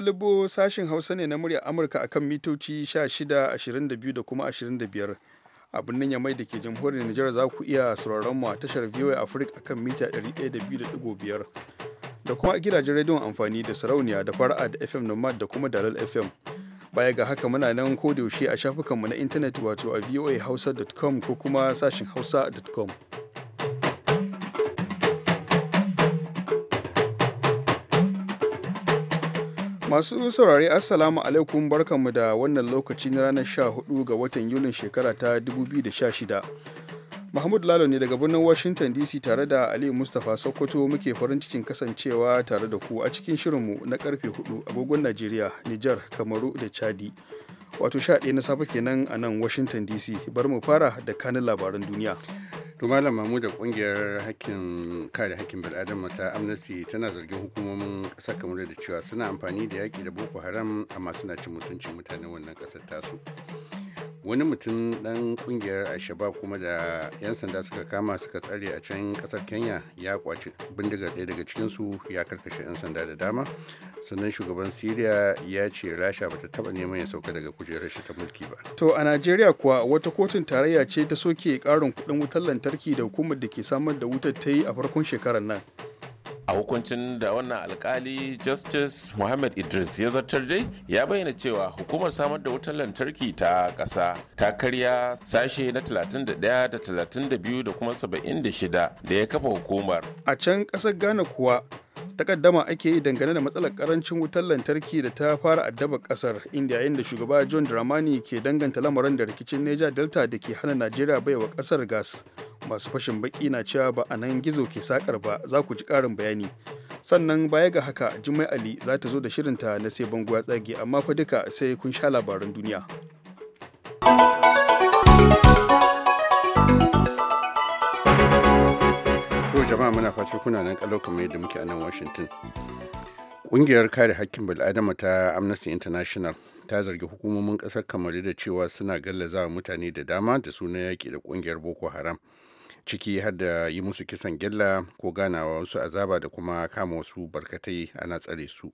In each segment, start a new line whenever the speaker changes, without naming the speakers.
lalubo sashin Hausa ne na muryar Amurka akan mitoci 16, 22 da kuma 25. a birnin yamai da ke jamhuriyar Nijar za ku iya sauraron mu a tashar VOA Africa akan mita 102.5 da kuma gidajen rediyon amfani da sarauniya da fara'a da FM Nomad da kuma Dalal FM. Baya ga haka muna nan kodayaushe a shafukanmu na intanet wato a voahausa.com ko kuma sashin hausa.com. Masu saurari Assalamu alaikum barkanmu da wannan lokaci na ranar 14 ga watan Yulin shekara ta 2016. Mahmud Lalo ne daga birnin Washington DC tare da ali Mustapha Sokoto muke farin cikin kasancewa tare da ku a cikin shirinmu na karfe 4 agogon Najeriya, Nijar, Kamaru da Chadi. Wato 11 na safe kenan a nan Washington DC. Bar mu fara da kanin labaran duniya. to malam mamu da kungiyar hakkin kare hakkin bil'adama ta amnesty tana zargin
hukumomin ƙasar kamar da cewa suna amfani da yaƙi da boko haram amma suna cin mutuncin mutanen wannan ƙasar tasu wani mutum dan kungiyar alshabab kuma da 'yan sanda suka kama suka tsare a can kasar kenya ya kwaci bindigar ɗaya daga cikinsu ya karkashe 'yan sanda da dama sannan shugaban syria ya ce rasha bata taba neman ya sauka daga kujerar shi ta mulki ba
to a nigeria kuwa wata kotun tarayya ce ta soke karin kudin wutar lantarki da hukumar da ke samar da wutar ta yi a farkon shekarar nan
a hukuncin da wannan alkali justice muhammad idris ya zartar dai ya bayyana cewa hukumar samar da wutar lantarki ta ƙasa ta karya sashe na 31 da 32 da kuma 76 da ya kafa hukumar
a can ƙasar ghana kuwa takaddama ake yi dangane da matsalar karancin wutar lantarki da ta fara addaba kasar inda yayin da shugaba john dramani ke danganta lamarin da rikicin neja delta da ke hana najeriya bai wa kasar gas masu fashin baki na cewa ba a nan gizo ke sakar ba za ku ji karin bayani sannan baya ga haka jimai ali za ta zo da shirinta na sai bango ya tsage amma fa duka sai kun sha labaran duniya
yau jama'a muna fata kuna nan kalau kamar yadda muke a nan Washington. Ƙungiyar kare hakkin bil'adama ta Amnesty International ta zargi hukumomin ƙasar kamaru da cewa suna gallaza mutane da dama da suna yaƙi da kungiyar Boko Haram. ciki har da yi musu kisan gyalla ko ganawa wasu azaba da kuma kama wasu barkatai ana tsare su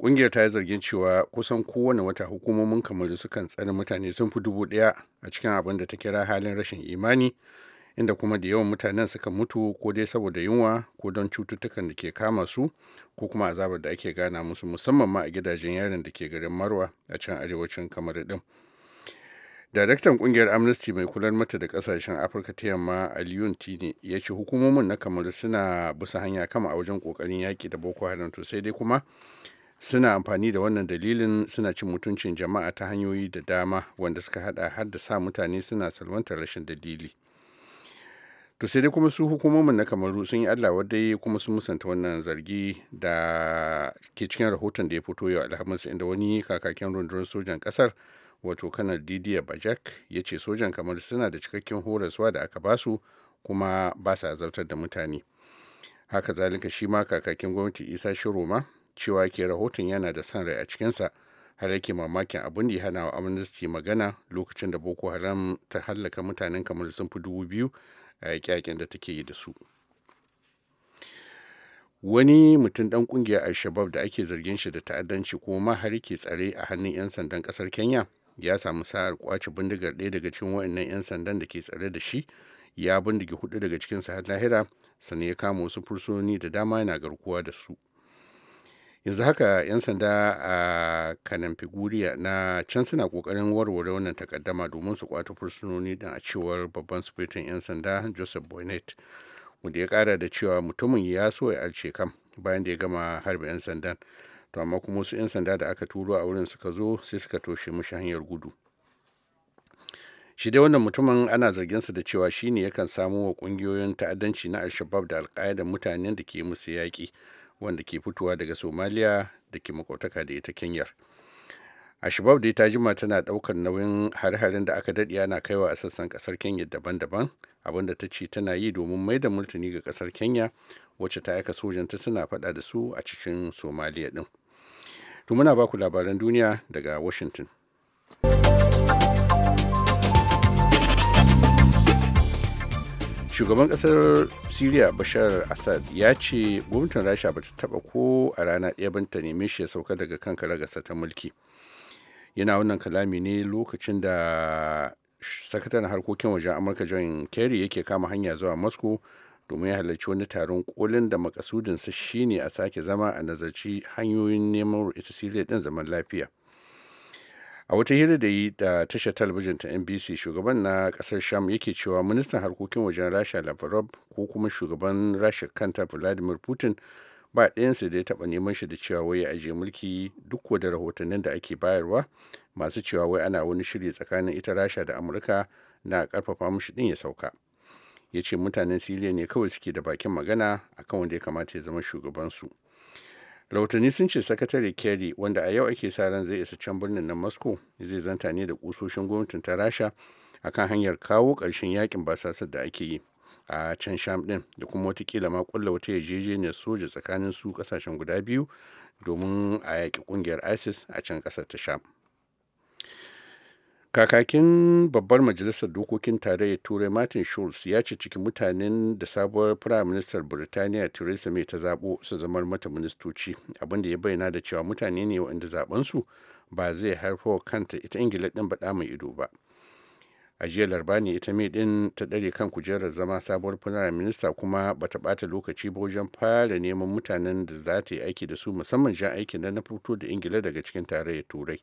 ƙungiyar ta yi zargin cewa kusan kowane wata hukumomin kamaru sukan tsare mutane sun fi dubu ɗaya a cikin abin da ta kira halin rashin imani inda kuma da yawan mutanen suka mutu ko dai saboda yunwa ko don cututtukan da ke kama su ko kuma azabar da ake gana musu musamman ma a gidajen yarin da ke garin marwa a can arewacin kamar din daraktan kungiyar amnesty mai kular mata da kasashen afirka ta yamma aliyun tini ya ce hukumomin na kamar suna busa hanya kama a wajen kokarin yaki da boko haram to sai dai kuma suna amfani da wannan dalilin suna cin mutuncin jama'a ta hanyoyi da dama wanda suka hada har da sa mutane suna salwantar rashin dalili to sai dai kuma su hukumomin na kamaru sun yi allah wadai kuma sun musanta wannan zargi da ke cikin rahoton da ya fito yau alhamis inda wani kakakin rundunar sojan kasar wato kanar didier bajak ya ce sojan kamar suna da cikakken horaswa da aka basu kuma ba sa zartar da mutane haka zalika shi ma kakakin gwamnati isa shiroma cewa ke rahoton yana da san rai a cikinsa har yake mamakin abin da ya hana wa amnesty magana lokacin da boko haram ta hallaka mutanen kamar sun fi dubu biyu a yaƙe-yaƙen da take yi da su wani mutum ɗan ƙungiyar al-shabab da ake zargin shi da ta'addanci ko har ke tsare a hannun 'yan sandan ƙasar kenya ya samu sa'ar kwace bindigar ɗaya daga cikin wa'annan 'yan sandan da ke tsare da shi ya bindige hudu daga cikin har lahira sannan ya kama wasu fursoni da dama yana garkuwa da su yanzu haka 'yan sanda a kanan figuriya na can suna kokarin warware wannan takaddama domin su kwato fursunoni don a cewar babban sufetin 'yan sanda joseph boynet wanda ya kara da cewa mutumin ya so ya arce kam bayan da ya gama harbe 'yan sandan to amma kuma wasu 'yan sanda da aka turo a wurin suka zo sai suka toshe mushi hanyar gudu shi dai wannan mutumin ana zarginsa da cewa shine yakan samo wa kungiyoyin ta'addanci na al da al mutanen da ke musu yaƙi wanda ke fitowa daga somaliya da ke makautaka da ita kenyar a shabab da ta jima tana daukar nauyin hare-haren da aka daɗe ana kaiwa a sassan kasar kenya daban-daban abinda ta ce tana yi domin mai da multani ga kasar kenya wacce ta aika sojanta suna faɗa da su a cikin somaliya ɗin to muna ku labaran duniya daga washington shugaban kasar syria bashar assad ya ce gwamnatin rasha ba ta taba ko a rana ɗaya ban ta neme shi ya sauka daga kan karagarsa ta mulki yana wannan kalami ne lokacin da sakataren harkokin wajen amurka john kerry yake kama hanya zuwa moscow domin ya halarci wani taron kolin da makasudinsa shine a sake zama a nazarci hanyoyin neman ita syria din zaman lafiya a wata hira da yi da tashar talabijin ta nbc shugaban na kasar sham yake cewa ministan harkokin wajen rasha lavrov ko kuma shugaban rasha kanta vladimir putin ba ɗayansa da ya taɓa neman shi da cewa wai ya ajiye mulki duk da rahotannin da ake bayarwa masu cewa wai ana wani shiri tsakanin ita rasha da amurka na ƙarfafa mushi ɗin ya sauka ya ce mutanen siriya ne kawai suke da bakin magana akan wanda ya kamata ya zama shugabansu rahotanni sun ce sakatare kerry wanda a yau ake sa ran zai isa can birnin na moscow zai zanta ne da kusoshin gwamnatin ta rasha akan hanyar kawo ƙarshen yakin basasar da ake yi a can sham din da kuma watakila ma kulla wata yarjejeniyar soja tsakanin su kasashen guda biyu domin a yaƙi ƙungiyar isis a can ƙasar ta sham kakakin babbar majalisar dokokin tarayyar turai martin schulz ya ce cikin mutanen da sabuwar prime minister birtaniya theresa may ta zabo su zamar mata ministoci abinda ya bayyana da cewa mutane ne waɗanda zabensu ba zai haifo kanta ita ingila din ba mai ido ba a jiya larba ne ita mai din ta ɗare kan kujerar zama sabuwar prime minister kuma bata ɓata lokaci ba wajen fara neman mutanen da za ta yi aiki da su musamman jan aikin da na fito da ingila daga cikin tarayyar turai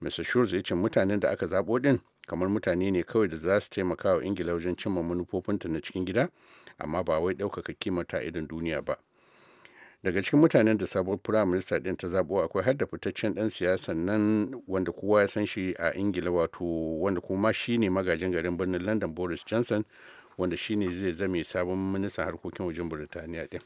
mr schulz ya ce mutanen da aka zaɓo din kamar mutane ne kawai da za su taimaka wa ingila wajen cimma manufofinta na cikin gida amma ba wai ɗaukaka kimata idan duniya ba daga cikin mutanen da sabuwar firaminista ɗin ta zaɓo akwai har da fitaccen ɗan siyasa nan wanda kowa ya san shi a ingila wato wanda kuma shi ne magajin garin birnin london boris johnson wanda shi ne zai zame sabon ministan harkokin wajen birtaniya ɗin.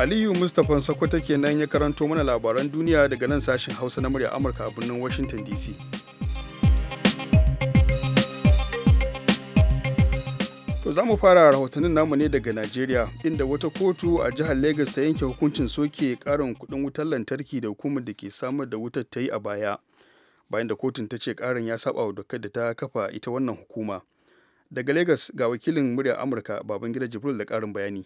Aliyu Mustapha Sakwata kenan ya karanto mana labaran duniya daga nan sashen Hausa na murya Amurka a birnin Washington DC. To za mu fara rahotannin namu ne daga Najeriya inda wata kotu a jihar Legas ta yanke hukuncin soke karin kudin wutar lantarki da hukumar da ke samar da wutar ta yi a baya. Bayan da kotun ta ce karin ya saba wa dokar da ta kafa ita wannan hukuma. Daga Legas ga wakilin murya Amurka Babangida Jibril da karin bayani.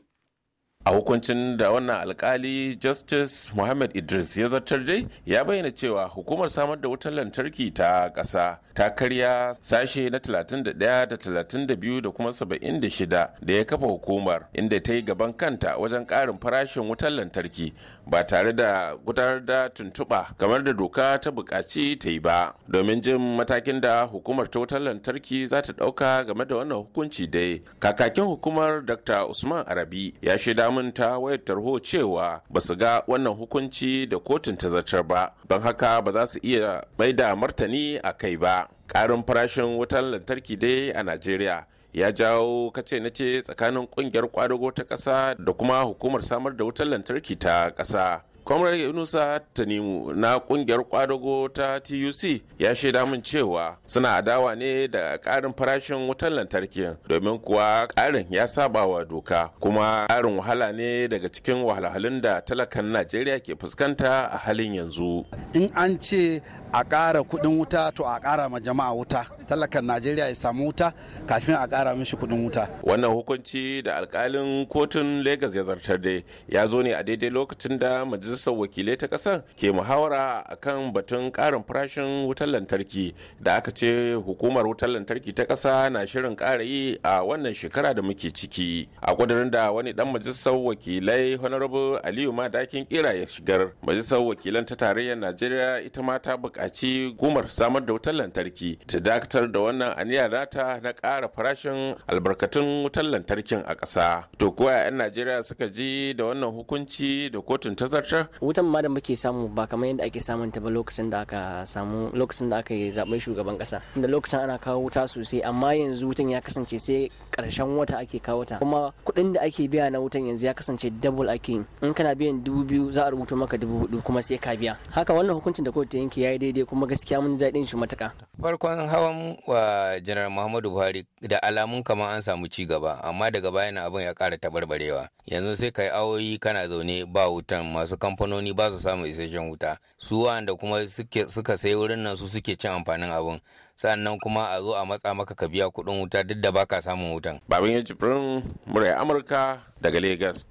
a hukuncin da wannan alkali justice muhammad idris ya zartar dai ya bayyana cewa hukumar samar da wutar lantarki ta ƙasa ta karya sashe na 31 da 32 da kuma 76 da ya kafa hukumar inda ta yi gaban kanta wajen ƙarin farashin wutar lantarki ba tare da gudanar da tuntuɓa kamar da doka ta buƙaci ta yi ba domin jin matakin da hukumar ta wutar lantarki za ta ɗauka game da wannan hukunci dai kakakin hukumar dr usman arabi ya shaida damun ta wayar tarho cewa ba su ga wannan hukunci da kotun ta zartar ba don haka ba za su iya mai da martani a kai ba ƙarin farashin wutar lantarki dai a najeriya ya jawo kace na ce tsakanin kungiyar kwadago ta ƙasa da kuma hukumar samar da wutar lantarki ta ƙasa comrade yunusa tanimu na kungiyar kwadago ta tuc ya shaida min cewa suna adawa ne da karin farashin wutar lantarki domin kuwa karin ya saba wa doka kuma karin wahala ne daga cikin wahalhalun da talakan najeriya ke fuskanta a halin yanzu
in an ce a ƙara kuɗin wuta to a ƙara ma jama'a wuta talakan najeriya ya samu wuta kafin a ƙara mishi kuɗin wuta
wannan hukunci da alƙalin kotun lagos ya zartar da ya zo ne a daidai lokacin da majalisar wakilai ta ƙasar ke muhawara a kan batun ƙarin farashin wutar lantarki da aka ce hukumar wutar lantarki ta ƙasa na shirin ƙara yi a wannan shekara da muke ciki a ƙudurin da wani dan majalisar wakilai honorable aliyu madakin kira ya shigar majalisar wakilan ta tarayyar najeriya ita ma ta buƙaci a ci gumar samar da wutar lantarki ta dakatar da wannan aniyar nata na kara farashin albarkatun wutar lantarkin a ƙasa to ko 'yan najeriya suka ji da wannan hukunci da kotun ta zartar
wutan ma da muke samu ba kamar yadda ake samun ta ba lokacin da aka samu lokacin da aka yi zaben shugaban ƙasa da lokacin ana kawo wuta sosai amma yanzu wutan ya kasance sai ƙarshen wata ake kawo ta kuma kuɗin da ake biya na wutan yanzu ya kasance double ake in kana biyan dubu biyu za a rubuto maka dubu hudu kuma sai ka biya haka wannan hukuncin da kotu ta yanke ya yi daidai kuma gaskiya mun daɗin shi matuka.
Farkon hawan wa Janar Muhammadu Buhari da alamun kamar an samu ci gaba amma daga bayan abin ya kara tabarbarewa. Yanzu sai kai awoyi kana zaune ba wutan masu kamfanoni ba su samu isasshen wuta. Su wanda kuma suka sai wurin nan su suke cin amfanin abin. sannan kuma a zo a matsa maka ka biya kuɗin wuta duk da baka samun wutan. Babin Yajibirin Murai Amurka daga Legas.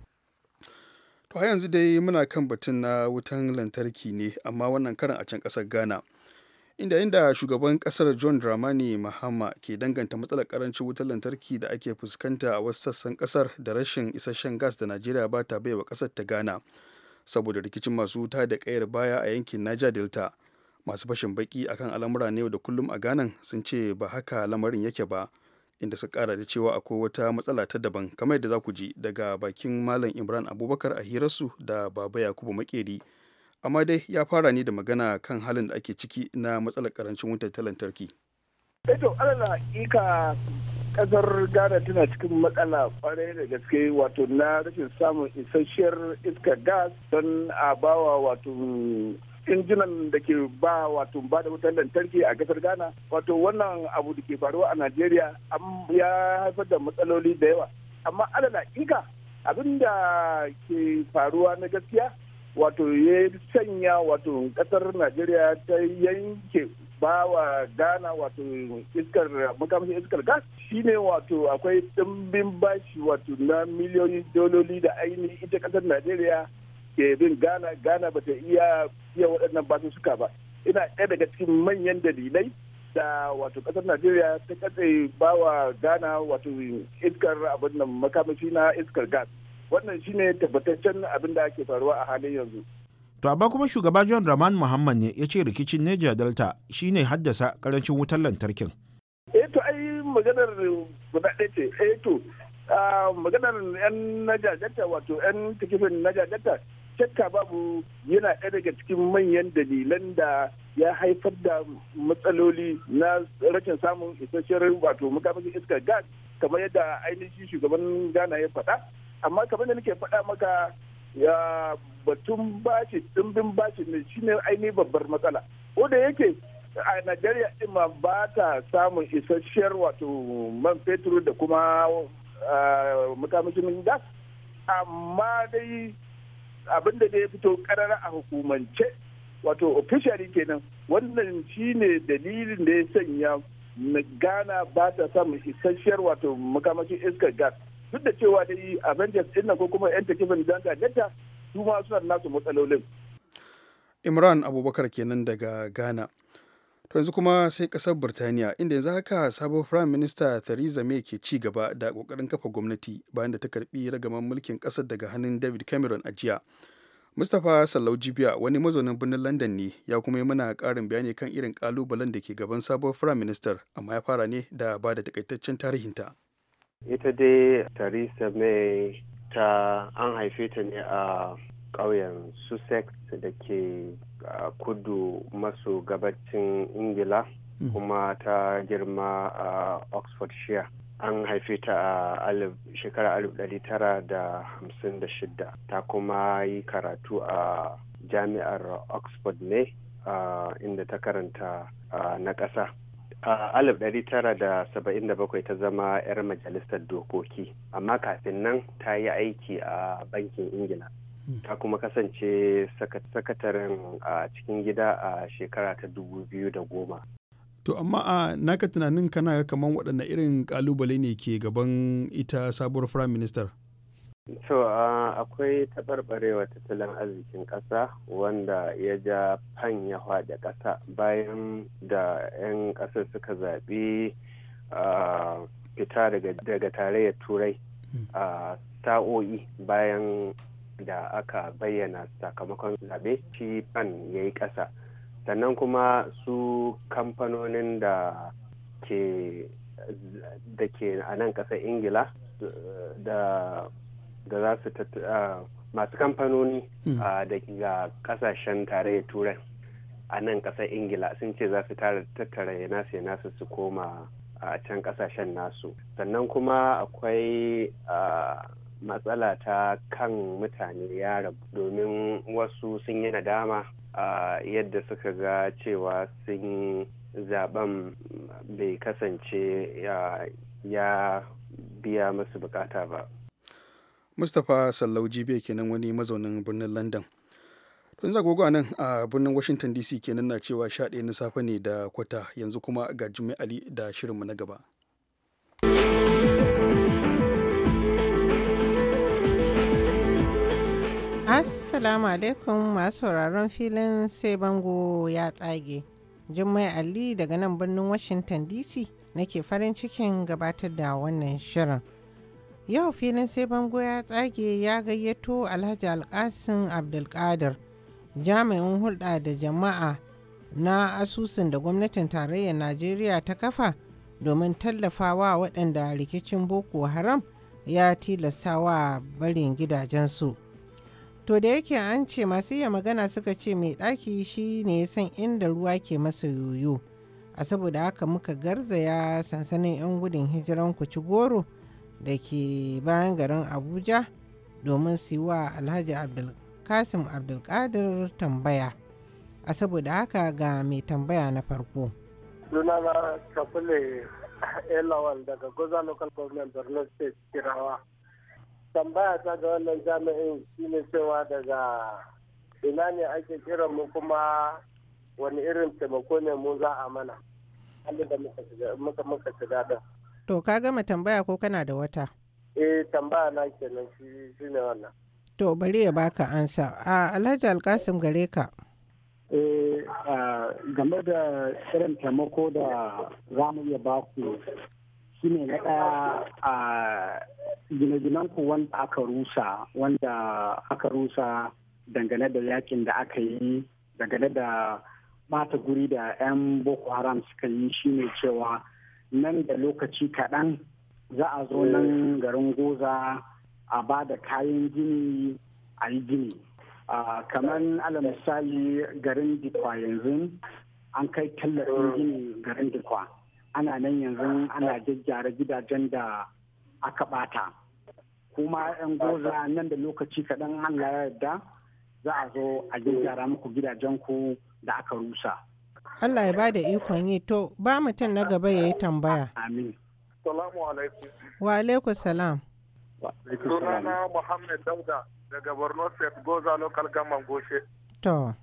To yanzu dai muna kan batun na wutan lantarki ne amma wannan karan a can kasar Ghana. Inda inda shugaban kasar John Dramani Mahama ke danganta matsalar karancin wutar lantarki da ake fuskanta a wasu sassan kasar da rashin isasshen gas da Najeriya ba ta baiwa kasar ta Ghana. Saboda rikicin masu wuta da kayar baya a yankin Niger Delta. Masu fashin baki akan al'amura ne da kullum a Ghana sun ce ba haka lamarin yake ba. inda suka kara da cewa akwai wata matsala ta daban kamar yadda za ku ji daga bakin malam imran abubakar a hirarsu da baba yakubu makeri amma dai ya fara ne da magana kan halin da ake ciki na matsalar karancin wutar ta lantarki.
eto eh na ika kasar ghana tana cikin matsala kwarai da gaske wato na rashin samun isasshiyar iskar gas don a bawa wato injinan da ke ba wato ba da wutar lantarki a kasar ghana wato wannan abu da ke faruwa a najeriya ya haifar da matsaloli da yawa amma alana ika abin da ke faruwa na gaskiya wato ya sanya wato kasar najeriya ta yanke ba wa ghana wato iskar makamashin iskar gas shine wato akwai dimbin bashi wato na miliyoyin dololi da ainihin ita kasar najeriya ke bin gana gana ba ta iya iya waɗannan suka ba ina ɗaya daga cikin manyan dalilai da wato ƙasar Najeriya ta katse ba wa Ghana wato iskar abin nan makamashi na iskar gas wannan shine tabbataccen abin da ake faruwa a halin yanzu
to amma kuma shugaba John Rahman Muhammad ne ya ce rikicin Niger Delta shine haddasa karancin wutar lantarkin
eh to ai maganar guda ɗaya ce eh to ah, maganar 'yan najajata wato 'yan tikifin najajata shakka babu yana ɗaya daga cikin manyan dalilan da ya haifar da matsaloli na rashin samun isasshen wato makamashin iskar gas kamar yadda ainihin shugaban ghana ya faɗa amma kamar da nake faɗa maka ya batun bashi ɗimbin bashi ne shine ainihin babbar matsala ko da yake a najeriya ɗin ma ba ta samun isasshiyar wato man fetur da kuma ah, makamashin gas amma dai abin da ya fito karara a hukumance wato officially kenan wannan shine dalilin da ya sanya gana ba ta samun isasshiyar wato makamashin iskar gas duk da cewa dai avengers din nan ko kuma yan takifin zanga data su ma suna nasu matsalolin
imran abubakar kenan daga ghana To yanzu kuma sai kasar birtaniya inda yanzu haka sabon Prime Minister Theresa May ke ci gaba da kokarin kafa gwamnati bayan da ta karbi ragaman mulkin kasar daga hannun David Cameron a jiya. Mustapha Sallau Jibiya wani mazaunin birnin London ne ya kuma yi mana karin bayani kan irin kalubalen da ke gaban sabon Prime Minister amma ya fara ne da ba da takaitaccen tarihinta.
Ita dai Theresa May ta an haife ta ne a ƙauyen sussex da ke kudu maso gabacin ingila hmm. kuma ta girma a oxfordshire an haife ta a shekarar 1956 ta kuma yi karatu a jami'ar oxford ne inda ta karanta na ƙasa a 1977 ta zama 'yar majalisar dokoki amma kafin nan ta yi aiki a bankin ingila Hmm. ta kuma kasance sakataren a cikin gida a shekara ta dubu biyu da goma.
To amma a naka tunanin kana ga kamar waɗanne irin ƙalubale ne ke gaban ita sabuwar firayim ministar?
To akwai taɓarɓarewa tattalin arzikin ƙasa wanda ya ja ya haɗe ƙasa bayan da 'yan ƙasar suka zaɓi fita daga tarayyar turai hmm. a sa'o'i bayan da aka bayyana sakamakon zaɓe shi ban ya yi ƙasa sannan kuma su kamfanonin da ke da ke a nan ƙasar ingila da da za su masu kamfanoni hmm. ga ƙasashen tarayyar turai a nan ƙasar ingila sun ce za su tattara ya nasu ya nasu su koma a can ƙasashen nasu sannan kuma akwai matsala ta kan mutane ya rabu domin wasu sun yi nadama a yadda suka ga cewa sun zaben bai kasance ya biya masu bukata ba.
mustapha sallau jibiya kenan wani mazaunin birnin london tun zagogo a nan a birnin washington dc kenan na cewa ɗaya na safe ne da kwata yanzu kuma ga jimi ali da shirinmu na gaba.
Assalamu alaikum masu sauraron filin sai bango ya tsage. Jummai Ali daga nan birnin Washington DC nake farin cikin gabatar da wannan shirin. Yau filin sai bango ya tsage ya gayyato Alhaji Alkasin Abdulkadir, jami'in hulɗa da jama'a na asusun da gwamnatin tarayyar Najeriya ta kafa domin tallafawa waɗanda rikicin Boko Haram ya tilasta wa barin gidajensu. to da yake an ce masu iya magana suka ce mai ɗaki shi ne san inda ruwa ke masa yoyo a saboda haka muka garzaya sansanin 'yan gudun hijiran goro da ke bayan garin abuja domin su wa alhaji abdulkasim abdulkadir tambaya a saboda haka ga mai tambaya na farko
sunana kafule elawal daga goza local government borno state kirawa tambaya ta ga wannan jami'in shine cewa daga ina ne ake kiran mu kuma wani irin taimako ne mu za a mana halin da muka muka shiga da
to ka gama tambaya ko kana da wata
eh tambaya na kenan shi shine
wannan
to bari ya baka ansa a alhaji alkasim gare ka
eh game da irin taimako da za mu iya baku ne na ɗaya a gine-ginen ku wanda aka rusa wanda aka rusa dangane da yakin da aka yi dangane da mata guri da 'yan boko haram suka yi shine cewa nan da lokaci kaɗan za a zo nan eh. garin goza a ba da kayan gini a yi gini kamar ala misali garin dikwa yanzu an kai tallafin eh. gini garin dikwa ana nan yanzu ana jajjara gidajen da aka bata kuma yan goza nan da lokaci kaɗan allah ya yarda za a zo a jajjara muku gidajen ku da aka rusa
allah ya ba da ikon yi to ba mutum na gaba ya yi tambaya
amin salamu alaikum
wa alaikum salam
sunana muhammad dauda daga borno state goza local government goshe to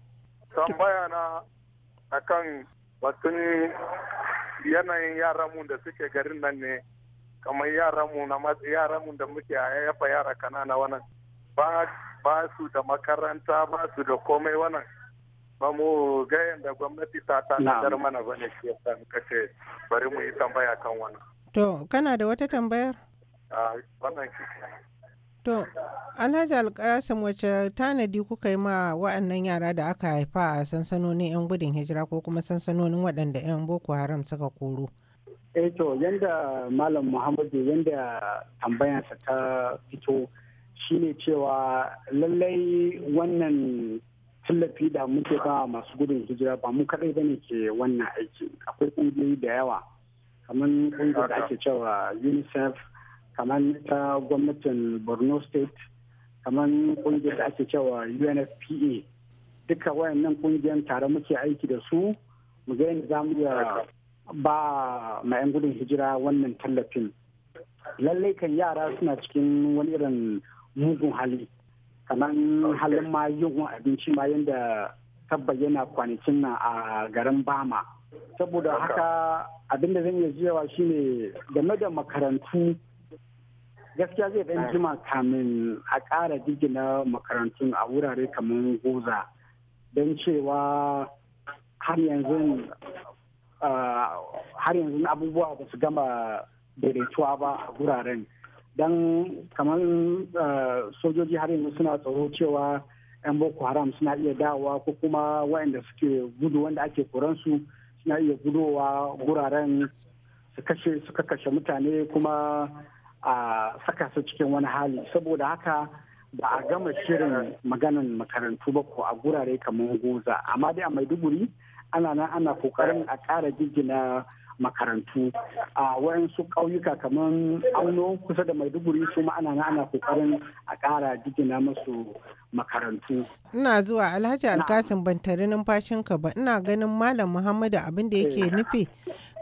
tambaya na akan batun yanayin yaranmu da suke garin nan ne kamar yaranmu na yaranmu da muke a yafa yara kanana wannan ba su da makaranta ba su da komai wannan ba mu ga yanda gwamnati ta tanadar mana bane shi yasa muka ce bari mu yi tambaya kan wannan
to kana da wata tambayar
a wannan To,
Alhaji Alkayasin wace tanadi kuka yi ma wa'annan yara da aka haifa a sansanonin 'yan gudun hijira ko kuma sansanonin waɗanda 'yan Boko Haram suka koro?
Eh to, yanda Malam Muhammadu yanda tambayansa ta fito shine cewa lallai wannan tallafi da muke ba masu gudun hijira ba mu kaɗai bane ke wannan aiki akwai ƙungiyoyi da yawa kamar ƙungiyar da ake cewa UNICEF kamar ta gwamnatin borno state kamar kungiyar da ake cewa unfpa duka wayannan kungiyar tare muke aiki da su mu ga yadda za mu iya ba ma 'yan gudun hijira wannan tallafin lallai kan yara suna cikin wani irin mugun hali kamar halin ma yin abinci ma yadda ta yana kwanakin na a garin bama saboda haka abinda zan iya jiyawa shine game da makarantu gaskiya zai dan jima kamin a ƙara jigina makarantun a wurare kamar goza don cewa har yanzu abubuwa ba su gama daidaituwa ba a wuraren don kamar sojoji har yanzu suna tsoro cewa 'yan boko haram suna iya dawowa ko kuma waɗanda suke gudu wanda ake koransu suna iya gudowa wuraren su kashe mutane kuma a saka su cikin wani hali saboda haka ba a gama shirin maganan makarantu ba ko a gurare kamar goza amma dai a maiduguri ana nan ana kokarin a ƙara jijjina makarantu a wayansu ƙauyuka kamar auno kusa da maiduguri su ma ana ana kokarin a ƙara jigina masu makarantu
ina zuwa alhaji alkasin ban tare ka ba ina ganin malam muhammadu abin da yake eh. nufi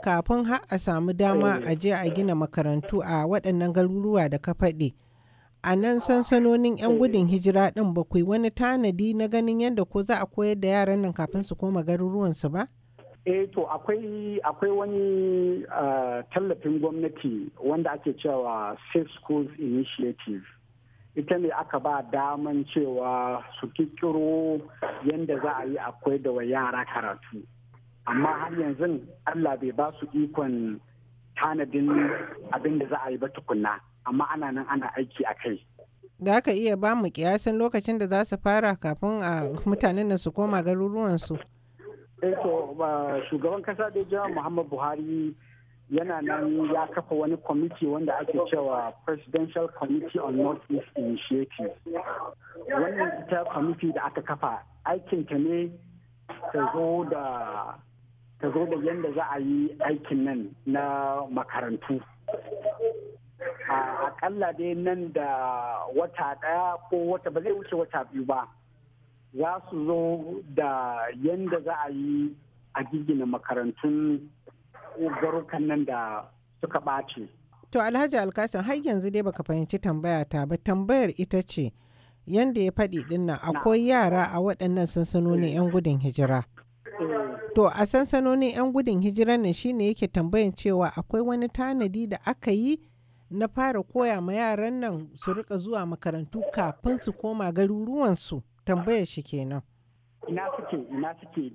kafin har a samu dama eh. a je a gina makarantu a waɗannan garuruwa da ka faɗi a nan sansanonin 'yan eh. gudun hijira ɗin bakwai wani tanadi na ganin yadda ko za a koyar da yaran nan kafin su koma garuruwansu ba?
eh to akwai akwai wani eh, tallafin gwamnati wanda ake cewa safe schools initiative ita ne aka ba daman cewa su kikiro yadda za a yi akwai da wa yara karatu amma har yanzu allah bai ba su ikon tanadin abin da za a yi ba tukunna amma ana nan ana aiki a kai
da aka iya ba mu kiyasin lokacin da za su fara kafin a ah, mutanen su koma garuruwansu. su
Eh, to shugaban kasa da jawa muhammad buhari yana nan ya kafa wani kwamiti wanda ake cewa presidential committee on north east initiative wannan ita kwamiti da aka kafa aikinta ne ta zo da ta yadda za a yi aikin nan na makarantu a akalla dai nan da wata daya ko wata ba zai wuce wata biyu ba za su zo da yadda za a yi a gigina makarantun garukan nan da suka ɓace.
To Alhaji Alkasan har yanzu dai baka fahimci tambaya ta ba tambayar ita ce yadda ya faɗi ɗinnan akwai yara a waɗannan sansanonin eh. 'yan gudun hijira. Eh. To a sansanonin 'yan gudun hijira nan shine yake tambayan cewa akwai wani tanadi da aka yi na fara koya ma yaran nan su rika zuwa makarantu kafin su koma garuruwansu. tambayar shi kenan
ina suke ina suke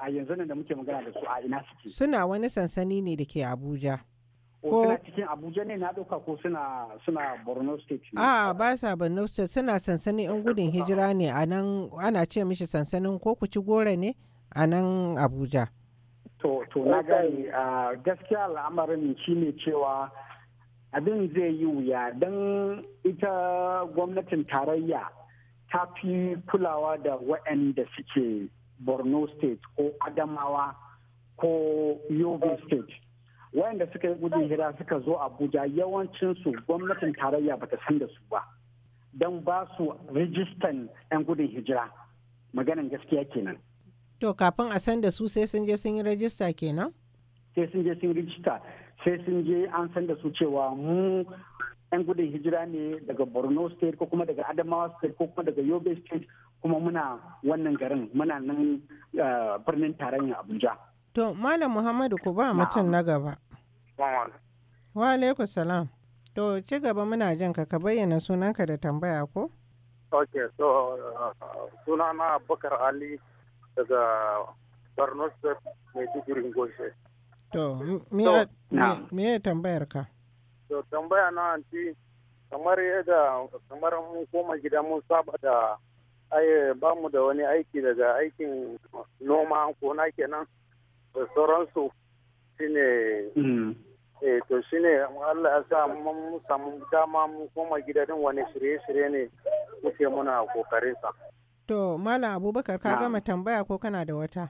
a yanzu da muke magana da su a ina suke
suna wani sansani ne da ke abuja ko suna
cikin abuja ne na dauka ko suna suna borno state ne
a ba sa borno state suna sansani yan gudun hijira ne a nan ana ce mishi sansanin ko ku ci gore ne a nan abuja
to to na gani gaskiya al'amarin ne cewa abin zai yi wuya don ita gwamnatin tarayya ta fi kulawa da waɗanda suke borno state ko adamawa ko yobe state waɗanda suka yi gudun hira suka zo abuja yawancinsu gwamnatin tarayya bata san da su ba don ba su rijistan 'yan gudun hijira maganin gaskiya kenan
to kafin a san da su sai sun je sun yi rajista kenan sai sun je sun rijista sai sun je an san da su cewa mu 'yan gudun hijira ne daga borno state ko kuma daga
adamawa state ko kuma daga yobe state kuma muna wannan garin muna nan eh, birnin taron abuja
to malam muhammadu ku ba mutum na gaba wa alaikum salam to ci gaba muna jin ka ka bayyana sunanka da tambaya ko
ok so sunana abubakar ali daga borno state mai digirin goshe
to me ya tambayar ka
to tambaya na anti kamar yadda kamar mun koma gida mun saba da ba mu da wani aiki daga aikin noma ko na kenan da sauransu shine hmm. eh to shine Allah ya sa mun samu dama mun koma gida din wani shirye-shirye ne
kuke muna kokarin sa
to malam abubakar ka gama tambaya ko kana da wata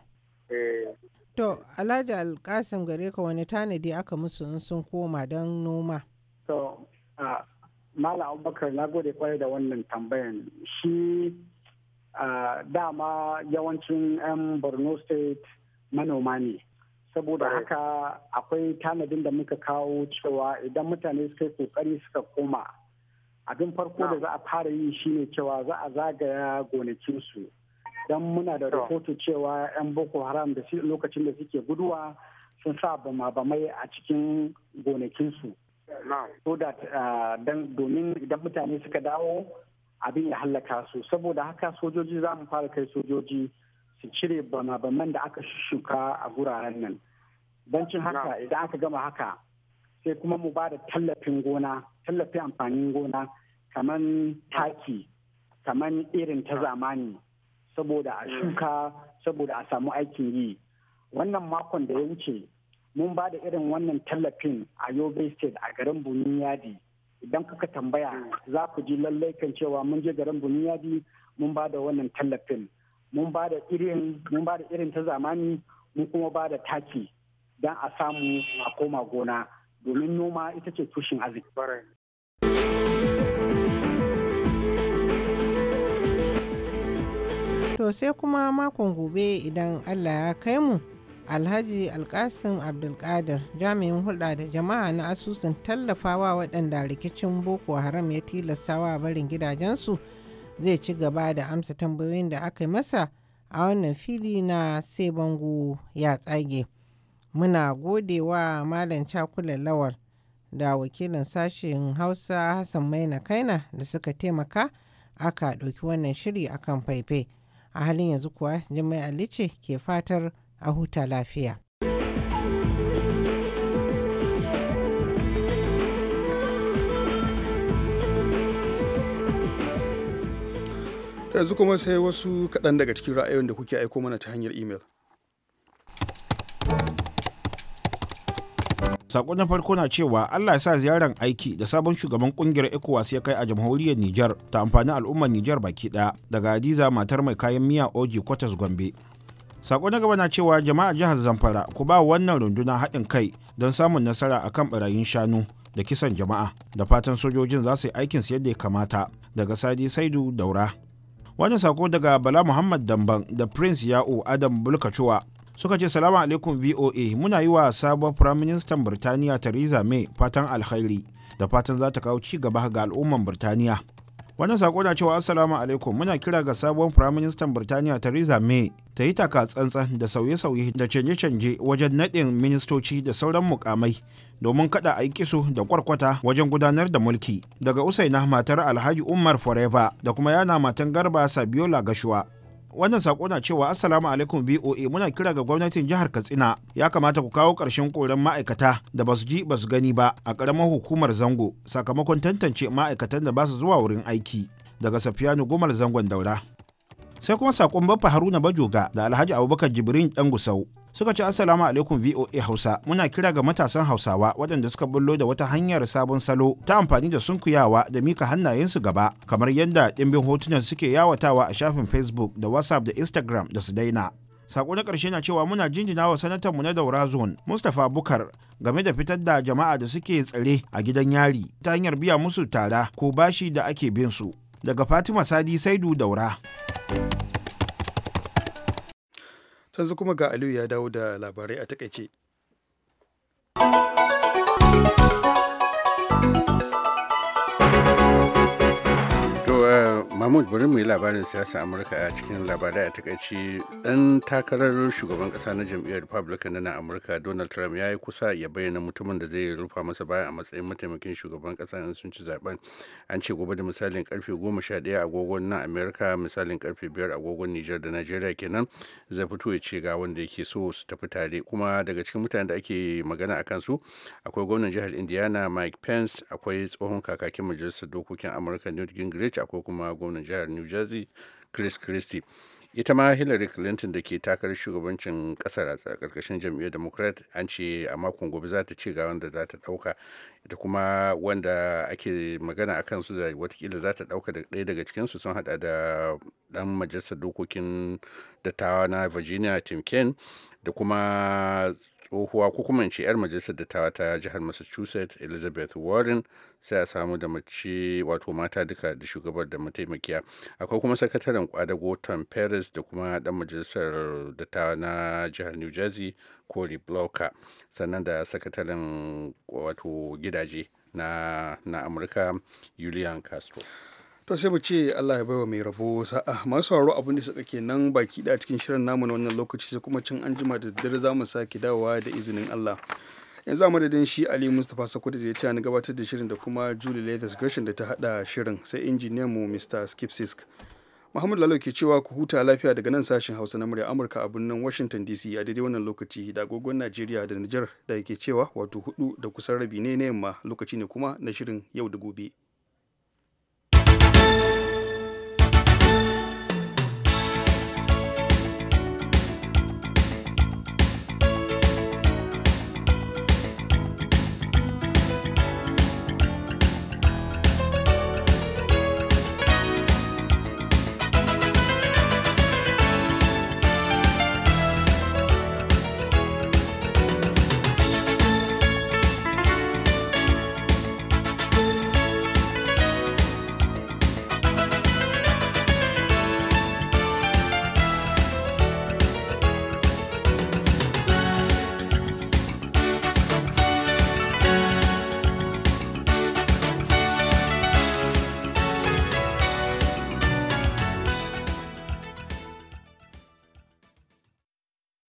eh, To, Alhaji Alkasim gare ka wani tanadi aka musu in sun koma don noma?
To, Mala Abubakar na gode kwarai da wannan tambayan. Shi dama yawancin 'yan Borno State manoma ne. Saboda haka akwai tanadin da muka kawo cewa idan mutane suka yi kokari suka koma. Abin farko da za a fara yi shine cewa za a zagaya gonakinsu. don muna da rahoto cewa 'yan boko haram da lokacin da suke guduwa sun sa bama-bamai a cikin gonakinsu so that uh, domin idan mutane suka dawo abin ya hallaka su saboda haka sojoji za mu fara kai sojoji su cire bama-baman da aka shuka a guraren nan bancin haka idan aka gama haka sai kuma mu ba da tallafin gona tallafin amfanin gona kamar taki kamar irin ta zamani saboda a mm. shuka saboda a samu aikin yi wannan makon da ya wuce mun ba da irin wannan tallafin a yobe state a garin yadi idan kuka tambaya mm. za ku ji lallai kan cewa mun je garin yadi mun ba da wannan tallafin mun ba da irin mun ba da irin ta zamani mun kuma ba da taki don a samu a koma gona domin noma ita ce tushen arziki
to sai kuma makon gobe idan allah ya kai mu alhaji alkasim abdulkadir jami'in hulɗa da jama'a na asusun tallafawa waɗanda rikicin boko haram ya tilastawa barin gidajensu zai ci gaba da amsa tambayoyin da aka masa a wannan fili na sai bango ya tsage muna gode wa malam cakulan lawal da wakilin sashen hausa hassan maina kaina da suka taimaka aka ɗauki wannan shiri akan faifai. a halin yanzu kuwa jimai alice ke fatar a huta lafiya
yanzu kuma sai wasu kaɗan daga cikin ra'ayoyin da kuke aiko mana ta hanyar imel.
Sako na farko na cewa Allah ya sa ziyaran aiki da sabon shugaban kungiyar ECOWAS ya kai a jamhuriyar Nijar ta amfani al'ummar Nijar baki ɗaya daga Hadiza matar mai kayan miya Oji Kwatas Gombe. Sako na gaba na cewa jama'a jihar Zamfara ku ba wannan runduna haɗin kai don samun nasara a kan barayin shanu da kisan jama'a da fatan sojojin za su yi aikin su yadda ya kamata daga Sadi Saidu Daura. Wani sako daga Bala Muhammad Damban da Prince Ya'u Adam Bulkacuwa suka ce salamu alaikum voa muna yi wa sabon firaministan birtaniya theresa may fatan alkhairi da fatan za ta kawo ci gaba ga al'umman birtaniya wannan sako na cewa assalamu alaikum muna kira ga sabon firaministan birtaniya theresa may ta yi taka tsantsan da sauye-sauye da canje-canje wajen nadin ministoci da sauran mukamai domin kada a yi kisu da kwarkwata wajen gudanar da mulki daga usaina matar alhaji umar forever da kuma yana matan garba sabiola gashuwa wannan sako na cewa assalamu alaikum BOA muna kira ga gwamnatin jihar Katsina ya kamata ku kawo ƙarshen koren ma'aikata da basu ji ba su gani ba a ƙaramar hukumar zango sakamakon tantance ma'aikatan da basu zuwa wurin aiki daga Safiyanu gumar zangon Daura. Sai kuma sakon Baffa Haruna Bajoga da Alhaji Abubakar Jibrin gusau. suka ce assalamu alaikum voa hausa muna kira ga matasan hausawa waɗanda suka bullo da wata hanyar sabon salo ta amfani da sunkuyawa da mika hannayensu gaba kamar yadda ɗimbin hotunan suke yawatawa a shafin facebook da whatsapp da instagram da su daina sako na ƙarshe na cewa muna jinjina wa sanatanmu na daura zone mustapha bukar game da fitar da jama'a da suke tsare a gidan yari ta hanyar biya musu tara ko bashi da ake bin su daga fatima sadi saidu daura
sanzu kuma ga aliyu ya dawo da labarai a takaice.
mahmud bari mu yi labarin siyasa amurka a cikin labarai a takaici dan takarar shugaban kasa na jam'iyyar republican na amurka donald trump ya yi kusa ya bayyana mutumin da zai rufa masa baya a matsayin mataimakin shugaban kasa in sun ci zaben an ce gobe da misalin karfe 11 agogon na amerika misalin karfe 5 agogon niger da nigeria kenan zai fito ya ce ga wanda yake so su tafi tare kuma daga cikin mutanen da ake magana akan su akwai gwamnan jihar indiana mike pence akwai tsohon kakakin majalisar dokokin amurka newt gingrich akwai kuma gwamnan gwamnan jihar new jersey chris christie ita ma hillary clinton da ke takarar shugabancin kasar a karkashin jam'iyyar democrat an ce a makon gobe za ta ce ga wanda za ta dauka ita kuma wanda ake magana akan su da watakila za ta dauka daya ɗaya daga cikinsu sun hada da dan majalisar dokokin dattawa na virginia tim kaine da kuma tsohuwa ko kuma ce 'yar majalisar dattawa ta jihar massachusetts elizabeth warren sai a samu da mace wato mata duka da shugabar da mataimakiya akwai kuma sakataren kwadago tom paris da kuma dan majalisar dattawa na jihar new jersey cory blocker sannan da sakataren wato gidaje na, na amurka julian castro
to sai mu ce Allah ya baiwa mai rabo sa'a masu sauraro abin da suka ke nan baki da cikin shirin namu na wannan lokaci sai kuma cin anjima da daddare za mu sake dawowa da izinin Allah yanzu a madadin shi Ali Mustapha Sakwada da ya ce na gabatar da shirin da kuma Julie Leathers Gresham da ta hada shirin sai injiniyan mu Mr. Skip Sisk Muhammad Lalo ke cewa ku huta lafiya daga nan sashen Hausa na murya Amurka a birnin Washington DC a daidai wannan lokaci da agogon Najeriya da Nijar da ke cewa wato hudu da kusan rabi ne na yamma lokaci ne kuma na shirin yau da gobe.